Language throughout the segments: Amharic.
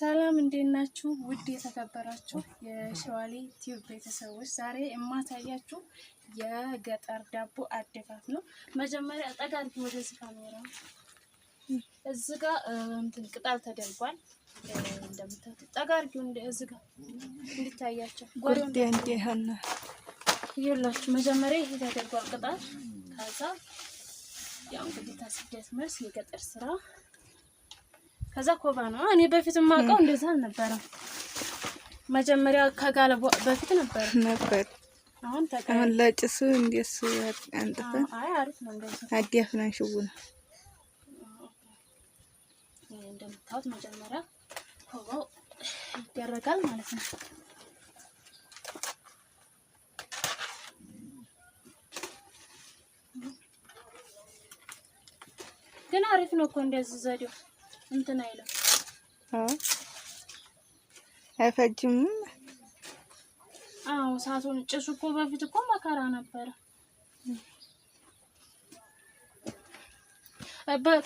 ሰላም እንዴት ናችሁ? ውድ የተከበራችሁ የሸዋሌ ቲዩብ ቤተሰቦች ዛሬ የማታያችሁ የገጠር ዳቦ አደፋፍ ነው። መጀመሪያ ጠጋል ወደዚህ ካሜራ እዚህ ጋ እንትን ቅጠል ተደርጓል። እንደምታዩት ጠጋርጊው ጋ ይላችሁ። መጀመሪያ ይሄ ተደርጓል ቅጠል። ከዛ ያው እንግዲህ መልስ የገጠር ስራ ከዛ ኮባ ነው። እኔ በፊት ማውቀው እንደዛ አልነበረም። መጀመሪያ ከጋለ በፊት ነበር ነበር። አሁን ተቀበል ለጭሱ እንደሱ አንጥፈን አይ አሪፍ ነው። እንደዚህ አዲያፍ ነው ሽው ነው እንደምታውት መጀመሪያ ኮባው ይደረጋል ማለት ነው። ግን አሪፍ ነው እኮ እንደዚህ ዘዴው እንትን አይልም። አዎ አይፈጅም። አዎ እሳቱን ጭሱ እኮ በፊት እኮ መከራ ነበረ።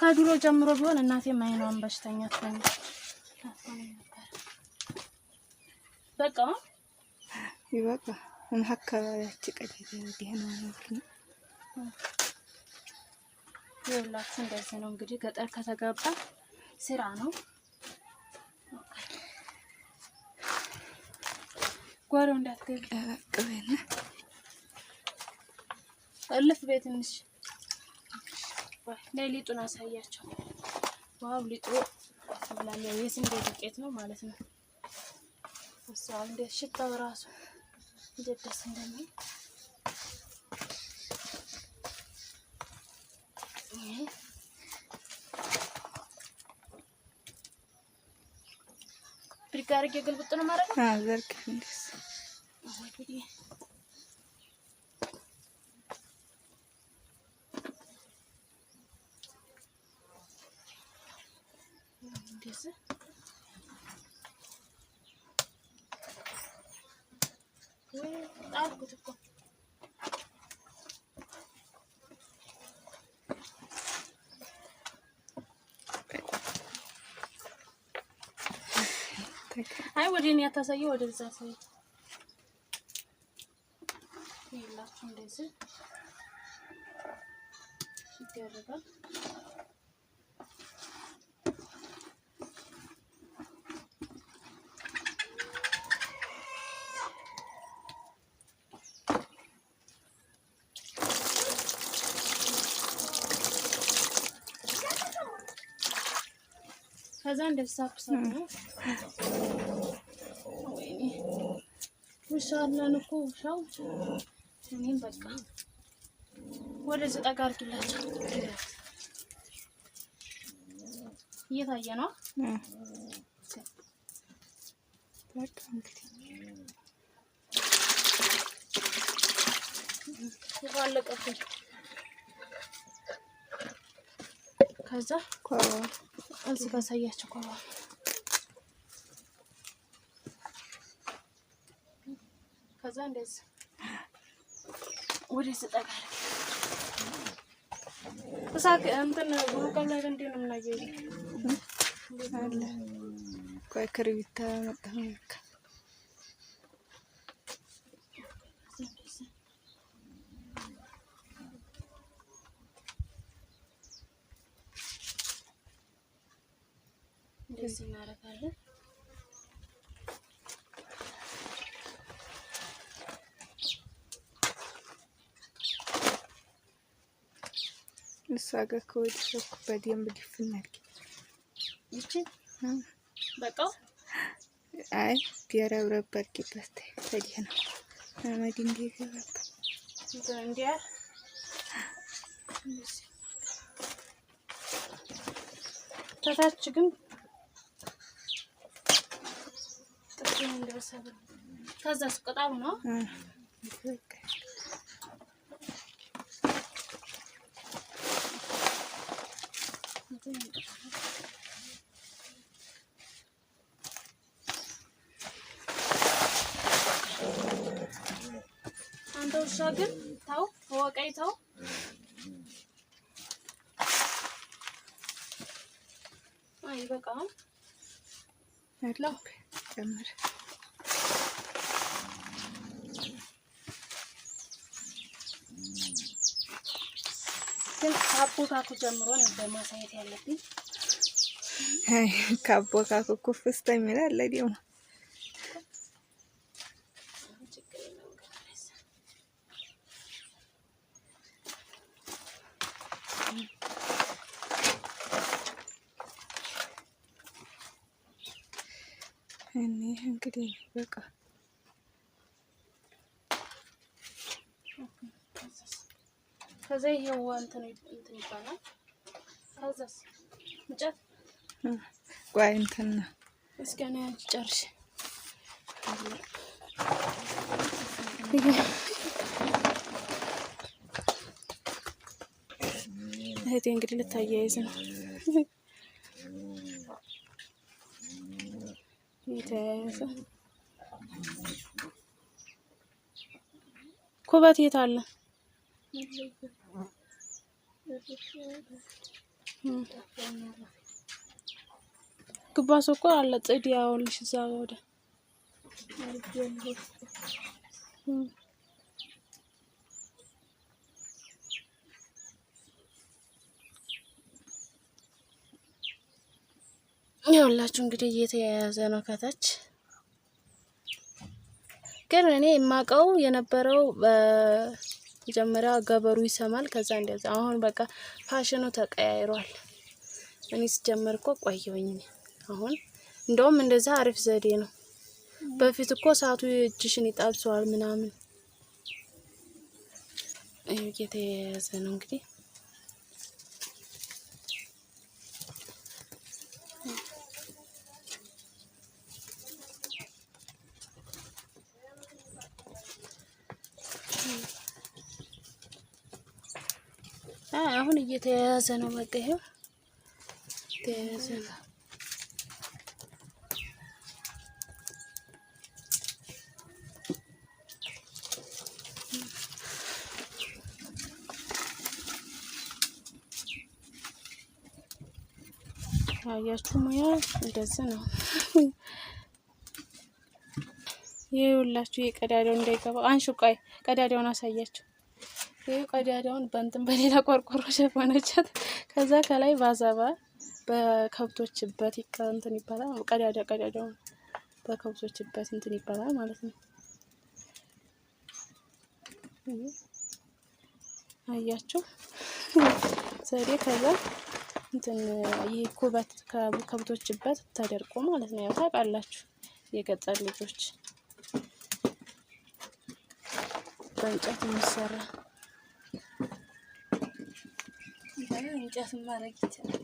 ከድሮ ጀምሮ ቢሆን እናቴ አይኗን በሽተኛ ትሆን በቃ ይበቃ እና አካባቢያችን ቀዳዳ እንዲህ ነው ነው እንደዚህ ነው እንግዲህ ገጠር ከተጋባ ስራ ነው። ጓሮ እንዳትገቢ ቅቤና እልፍ ቤት ትንሽ ላይ ሊጡን አሳያቸው። ዋው ሊጡ የስንዴ ዱቄት ነው ማለት ነው። እሷ እንዴት ሽታው ራሱ እንዴት ደስ እንደሚል ብድግ አድርጌ ግልብጥ ነው ማድረግ አይ ወደ እኔ አታሳየው፣ ወደዛ ሳይ ይላችሁ እንደዚህ ይደረጋል። ከዛ እንደዛ ብሳት ውሻ አለን እኮ ውሻው። እኔም በቃ ወደዚህ ጠጋ አድርጊላቸው እየታየ ነው። አለቀብኝ ከዛ እዚህ ባሳያቸው ቆባ ከዛ እንደዚህ ወደዚህ ጠጋ እሳት እንትን ብሩቀም ላይ እንዴ ነው የምናየው? ቆይ ክሪቢት ተመጣሁ እንደዚህ እናደርጋለን። እሷ ጋር ከወዲህ በደንብ ድፍን አድርጊ። ይቺ በቃ አይ ቢረብረብ አድርጊበት። ታዲያ ነው መድ እንዲገባበት እንዲያ ተታች ግን ከዛስ ቅጣው ነው። አንተ ውሻ ግን ተው ወቀይ ተው። አይ በቃ ጨምር። ግን ከአቦካኩ ጀምሮ ነበር ማሳየት ያለብኝ። ከአቦካኩ ኩፍስተሚላለ ደግሞ እኔ እንግዲህ በቃ ከዛ ይሄው እንትን እንትን ይባላል። ከዛስ እንጨት ቆይ እንትን እስኪ እኔ ጨርሽ እህቴ እንግዲህ ልታያይዝ ነው። የተያያዘ ኩበት የት አለ? ግባሱ እኮ አለ። ጽድ ያውልሽ እዛ ወደ ይኸውላችሁ እንግዲህ እየተያያዘ ነው ከታች ግን እኔ የማውቀው የነበረው መጀመሪያ ገበሩ ይሰማል፣ ከዛ እንደዚ። አሁን በቃ ፋሽኑ ተቀያይሯል። እኔ ስጀምር እኮ ቆየውኝ አሁን እንደውም እንደዛ አሪፍ ዘዴ ነው። በፊት እኮ ሰዓቱ እጅሽን ይጣብሰዋል ምናምን። እየተያያዘ ነው እንግዲህ አሁን እየተያያዘ ነው። በቃ ይኸው ተያያዘ ነው። ሙያ እንደዚህ ነው። ይህ ሁላችሁ የቀዳዳው እንዳይገባ አንሹ። ቆይ ቀዳዳውን አሳያችሁ። ይህ ቀዳዳውን በንትን በሌላ ቆርቆሮ ሸፈነቻት። ከዛ ከላይ ባዛባ በከብቶች በት እንትን ይባላል። ቀዳዳ ቀዳዳውን በከብቶች በት እንትን ይባላል ማለት ነው። አያችሁ ዘዴ ከዛ እንትን ይህ ኩበት ከብቶችበት ተደርቆ ማለት ነው። ያው ታውቃላችሁ የገጠር ልጆች በእንጨት የሚሰራ እንጨትም ማድረግ ይቻላል።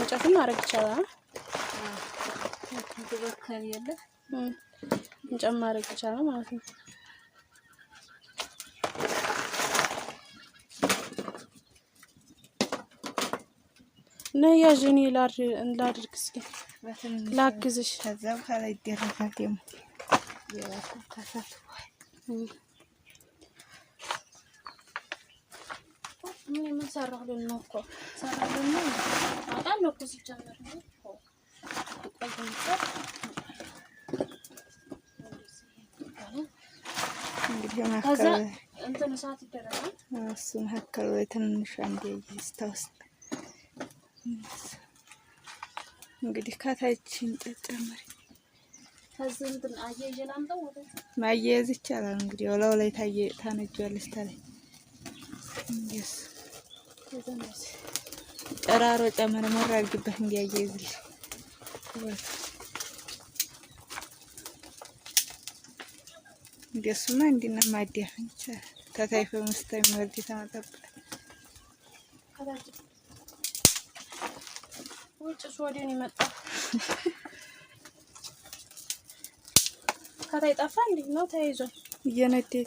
እንጨትም ማድረግ ይቻላል። ተበካሪ ያለ እንጨት ማድረግ ይቻላል ማለት ነው። ነያዥን ላድርግ እስኪ ላግዝሽ። ከዛ በኋላ ይደረጋል ደግሞ እኔ ምን ሰራሁ ነው እኮ ሰራሁልን ልን ነው ነው እኮ ሲጀመር ነው እኮ ከዛ እንትን እሱ መካከል ወይ ትንንሽ አንዴ ስታውስ እንግዲህ ከታች እንጨት ጨምሪ ማያያዝ ይቻላል። እንግዲህ ወላው ላይ ታነጇለች ታለኝ ጨራሮ ጨመርመር አድርግበት እንዲያያይዝልሽ እንደሱማ እንዲና ማዲያ ተታይፈ ምስታይ ወርድ የተመጣበት ጭሱ ወዲያው ነው ከታይ ጠፋ እንዴ ነው ተይዟል። እየነደደ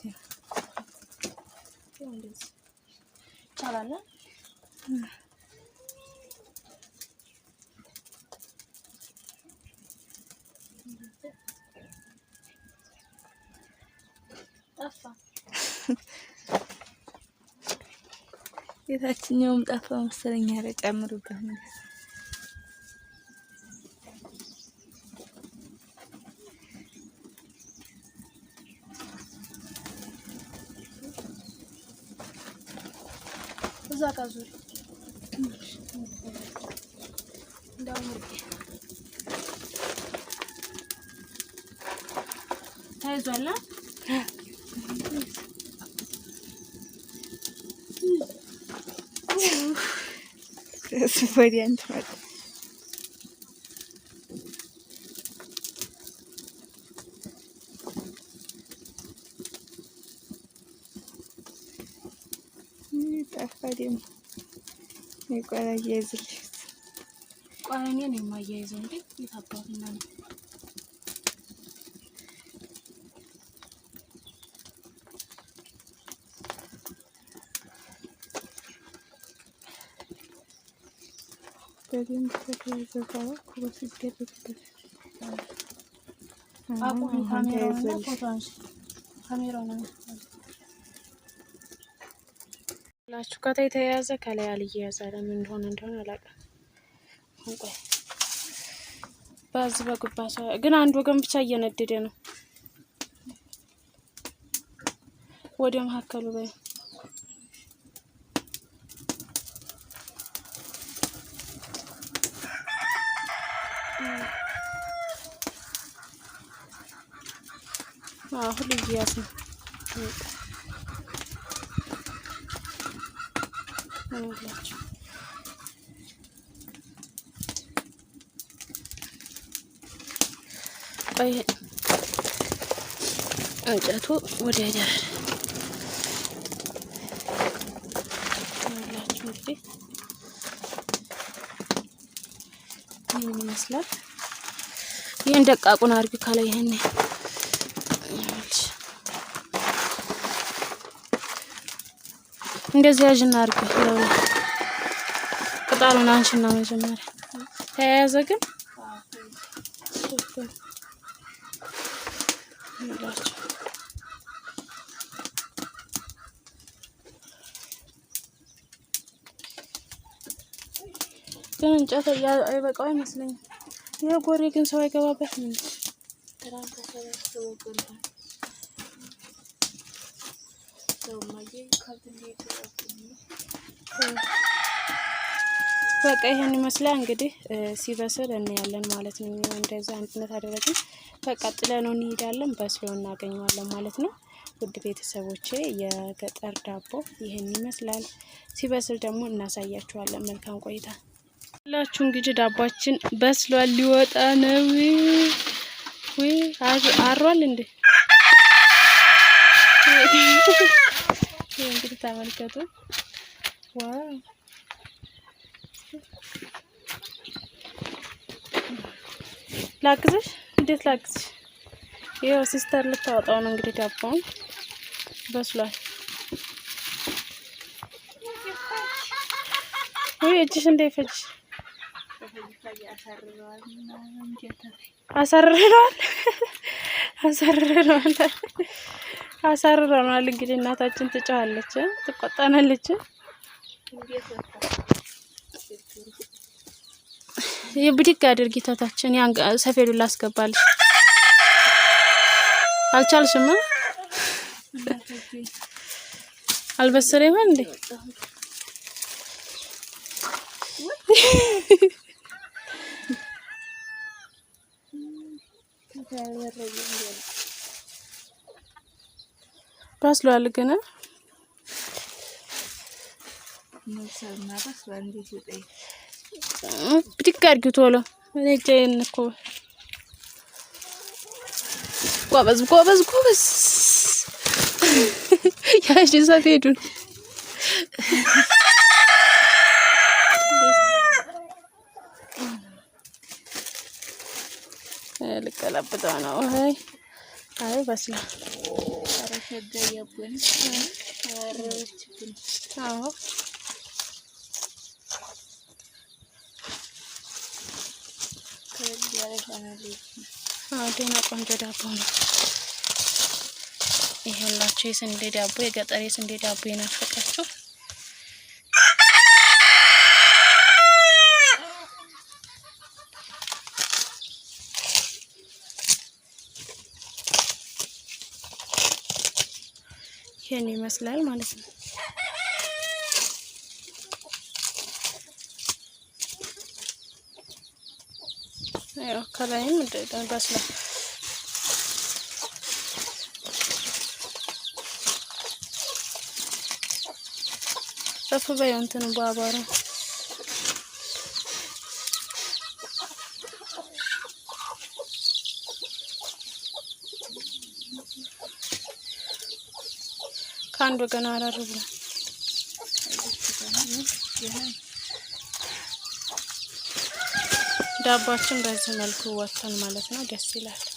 ይቻላል። የታችኛውም ጠፋ መሰለኝ። ኧረ ጨምሩበት ነገር እዛ ጋር ዙሪ ይዟላ ጠፋ ደግሞ የቆላ አያይዝልሽ ቆላ ነው የማያይዘው እንዴ የት ነው በደንብ ተዘጋው ኩበት ሲደረግበት ላችሁ ከታ የተያያዘ ከላይ አልየያዘ ለምን እንደሆነ እንደሆነ አላውቅም። እንቆይ በዚህ ግን አንድ ወገን ብቻ እየነደደ ነው ወደ መካከሉ በይ አሁን ልጅ ነው እንላችሁ እንጨቱ ወዲያ እንላችሁ እንግዲህ ይህን ይመስላል። ይህን ደቃቁን አድርጊ ካለ ይህን እንደዚህ ያዥና አርጉ። ቅጠሉን አንሽና መጀመሪያ ተያያዘ ግን ግን እንጨት አይበቃው አይመስለኝም። ይህ ጎሪ ግን ሰው አይገባበት ነው። በቃ ይሄን ይመስላል እንግዲህ ሲበስል እናያለን ማለት ነው። እንደዛ አንድነት አደረግን። በቃ ጥለነው እንሄዳለን። በስሎ እናገኘዋለን ማለት ነው። ውድ ቤተሰቦቼ የገጠር ዳቦ ይህን ይመስላል። ሲበስል ደግሞ እናሳያችኋለን። መልካም ቆይታ ሁላችሁ። እንግዲህ ዳቧችን በስሏል፣ ሊወጣ ነው። አሯል እንዴ? እንግዲህ ተመልከቱ። ዋው ላግዝሽ፣ እንዴት ላግዝሽ? ይኸው ሲስተር ልታወጣው ነው እንግዲህ ዳቦውን በስሏል። ወይ እጅሽ እንዳይፈጅ አሰርረዋል፣ አሰርረዋል፣ አሰርረዋል አሳርረናል። እንግዲህ እናታችን ትጫዋለች፣ ትቆጣናለች። የብድግ አድርጊ ታታችን ያን ሰፌዱን ላስገባልሽ አልቻልሽም። አልበሰለ ይሆን እንዴ? በስሏል ግን ብድግ አድርጊው ቶሎ እጄን እኮ ጎበዝ ጎበዝ ጎበዝ ያሺ ሰፌዱን ልቀለብጠው ነው። አይ አይ በስሏል። gaya pun harus pun tahu kerja lagi ah dia nak apa dapun ihelah cuci sendiri apa ya gak tadi sendiri apa dapun nak kacau ይህን ይመስላል ማለት ነው። ከላይም በስሏል። ረፍ በይው እንትኑ በአቧራው ከአንድ ወገን አረር ብሏል። ዳባችን በዚህ መልኩ ወጥቷል ማለት ነው። ደስ ይላል።